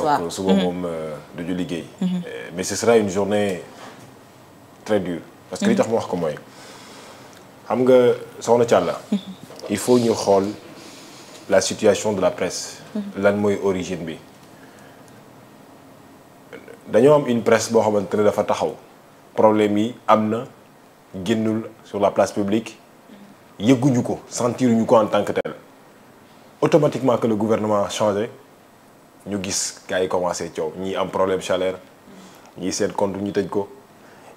donc suba euh, mhm. moom euh, duñu liggéey. Mhm. Euh, mais ce sera une journée très dure. parce que li mhm. tax ma wax ko mooy xam nga soxna Thialla. il faut ñu xool la situation de la presse. lan mooy origine bi dañoo am une presse boo xamante ne dafa taxaw problème yi am na génnul sur la place publique yëgguñu ko sentiruñu ko en tant que tel automatiquement que le gouvernement changé. ñu gis gars yi commencé coow ñii am problème chaleur ñi seen compte ñu tëj ko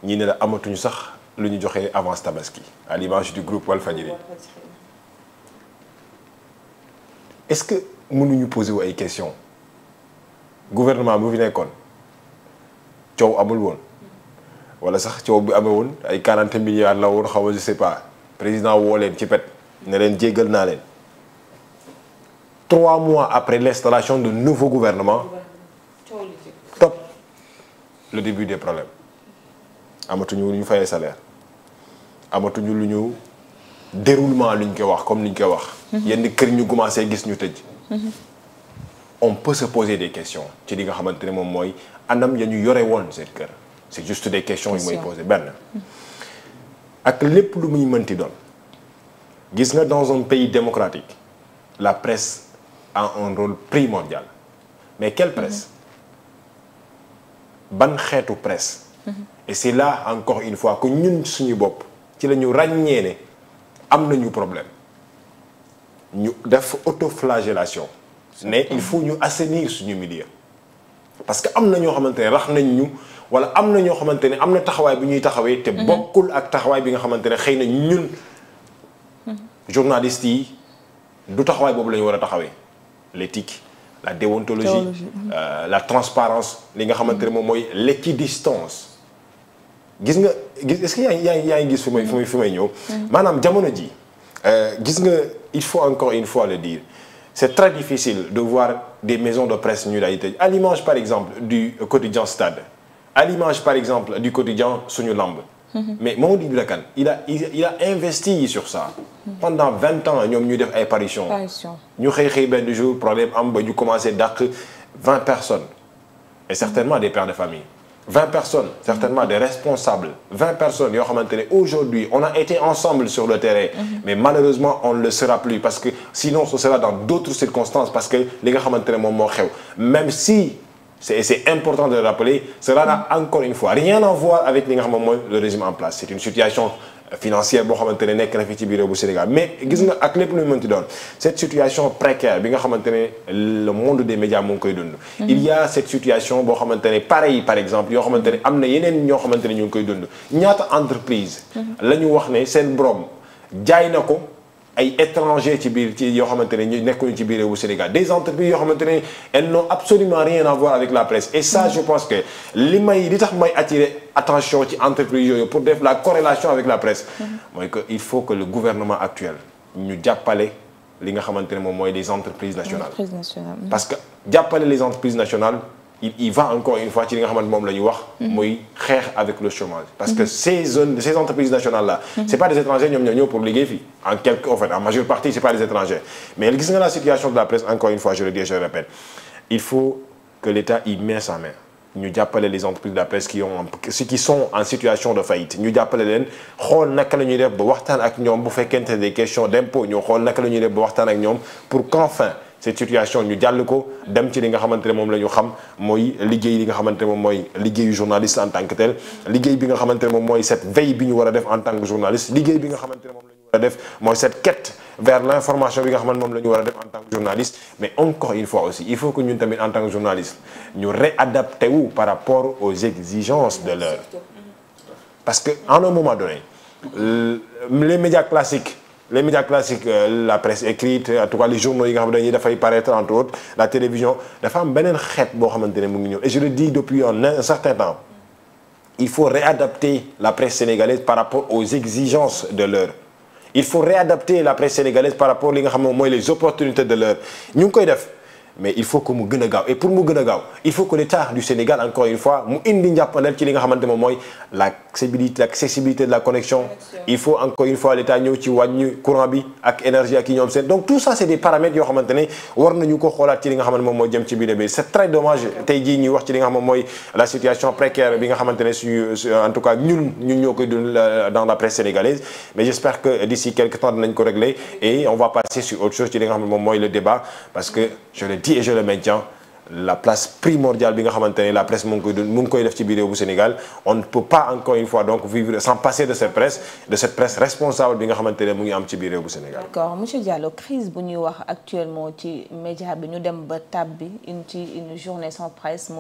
ñii ne la amatuñu sax lu ñu joxe avance tabaski à l'image du groupe Walfadjri est-ce que mënuñu poser wu ay questions gouvernement bu fi nekkoon coow amul woon wala sax coow bi amee woon ay 40 milliards la woon xaw ma je sais pas président woo leen ci pet ne leen jéggal naa leen. trois mois après l'installation du nouveau gouvernement top le début des problèmes amatuñu lu ñu fayee salaire amatuñu lu ñu déroulement lu ñu koy wax comme ni ñu koy wax. Mhm. yenn kër ñu commencé gis ñu tëj. Mhm. on peut se poser des questions ci li nga xamante ne moom mooy anam ya ñu yore woon seen kër c'est juste des question yu mooy poser benn. Mhm. ak lépp lu muy mënti doon gis nga dans un pays démocratique la presse. a un rôle primordial mais quelle presse ban xeetu presse et c'est là encore une fois que ñun suñu bopp ci la ñu ràññee ne am nañu problème ñu def autoflagellation ne il faut ñu assainir suñu milieu parce que am na ñoo xamante ne rax nañ ñu wala am na ñoo xamante ne am na taxawaay bi ñuy taxawee te mhm. bokkul ak taxawaay bi nga xamante ne xëy na ñun mhm. journalistes yi du taxawaay boobu la ñu war a taxawee l'éthique la déontologie euh, mhm. la transparence li nga xamante ne moom mooy l'équidistance gis nga gis est-ce que yaa ngi yaa gis fi may fi may ñëw mhm. maanaam jamono ji euh, gis nga il faut encore une fois le dire c'est très difficile de voir des maisons de presse ñu day par exemple du quotidien Stade à par exemple du quotidien Suñu Lamb Mm-hmm. mais Mamadou Ibra Kane il a il a investi sur ça. Mm-hmm. pendant vingt ans ñoom ñu def ay parutions. ñu xëy xëy benn jour problème am ba ñu commencé dàq vingt personnes. et certainement mm-hmm. des pères de famille. vingt personnes certainement des responsables. vingt personnes yoo xamante ne aujourd'hui on a été ensemble sur le terrain. mais malheureusement on ne le sera plus parce que sinon ce sera dans d'autres circonstances parce que li nga xamante ne moom moo xew même si. c'est c'est important de le rappeler cela n'a encore une fois rien à voir avec li nga xam ne mooy régime en place c'est une situation euh, financière boo xamante ne nekk na fi ci biir bu Sénégal mais gis nga ak lépp lu mu mënti doon cette situation précaire bi nga xamante ne le monde des médias mu ngi koy dund. Mm-hmm. il y cette situation boo xamante ne pareil par exemple yoo xamante ne am na yeneen ñoo xamante ne ñu ngi koy dund ñaata entreprise. Mm-hmm. la ñu wax ne seen borom jaay na ko. ay étrangers ci biir ci yoo xamante ne ñu nekkuñu ci biir réewu Sénégal des entreprises yoo xamante ne elles n'ont absolument rien à voir avec la presse et que li may li tax may attirer attention ci entreprise yooyu pour def la corrélation avec la presse mooy que il faut que le gouvernement actuel ñu jàppale li nga xamante ne moom mooy les entreprises nationales mm-hmm. parce que jàppale les entreprises nationales il il va encore une fois ci li nga xamante moom la ñu wax. Mhm. avec le chômage. parce mhm. que ces zones ces entreprises nationales là. Mhm. c'est pas des étrangers ñoom ñoo ñëw pour liggéey fii en quelque en en majeure partie c'est pas des étrangers mais gis nga la situation de la presse encore une fois je le dis je le il faut que l'État y met sa main. ñu jàppale les entreprises de la presse qui de faillite ñu jàppale leen xool naka la ñuy def ba waxtaan ak ñoom bu fekkente des questions d'impôts ñu xool naka la ñuy def ba waxtaan ak ñoom cette situation ñu jàll ko dem ci li nga xamante ne moom la ñu xam mooy liggéey li nga xamante ne moom mooy liggéeyu journaliste en tant que tel liggéey bi nga xamante ne moom mooy cette veille bi ñu war a def en tant que journaliste liggéey bi nga xamante ne moom la ñu a def mooy cette quête vers l' information bi nga xamante moom la ñu a def en tant que journaliste mais encore une fois aussi il faut que ñun tamit en tant que journaliste ñu réadapté wu par rapport aux de l'heure parce les médias classiques euh, la presse écrite en tout cas les journaux yi nga xam ne dañuy dafay paraître entre autres la télévision dafa am beneen xeet boo xamante ne mu ngi ñëw et je le dis depuis un certain temps il faut réadapter la presse sénégalaise par rapport aux exigences de l'heure il faut réadapter la presse sénégalaise par rapport li nga xam ne mooy les opportunités de l'heure ñu ngi koy def mais il faut que mu gën a gaaw et pour mu gën a gaaw il faut que l'État du Sénégal encore une fois mu indi njàppandal ci li nga xamante moom mooy la ci li nga xamante moom mooy jëm ci biir bi c'est très dommage tey jii ñuy wax ci li nga xam mooy la situation précaire bi nga xamante ne suñu en tout cas ñun ñun ñoo koy dund euh, dans la presse sénégalaise mais j'espère que d'ici quelque temps dinañ ko régler et on va passer sur autre chose ci li nga xam garantis et je le maintiens la place primordiale bi nga xamante ne la presse mu koy mu ngi koy def ci biir réew bu Sénégal on ne peut pas encore une fois donc vivre sans passer de cette presse responsable bi nga xamante ne mu am ci biir réew bu Sénégal. d'accord monsieur Diallo crise bu ñuy wax actuellement ci média bi ñu dem ba tab bi une ci une journée sans presse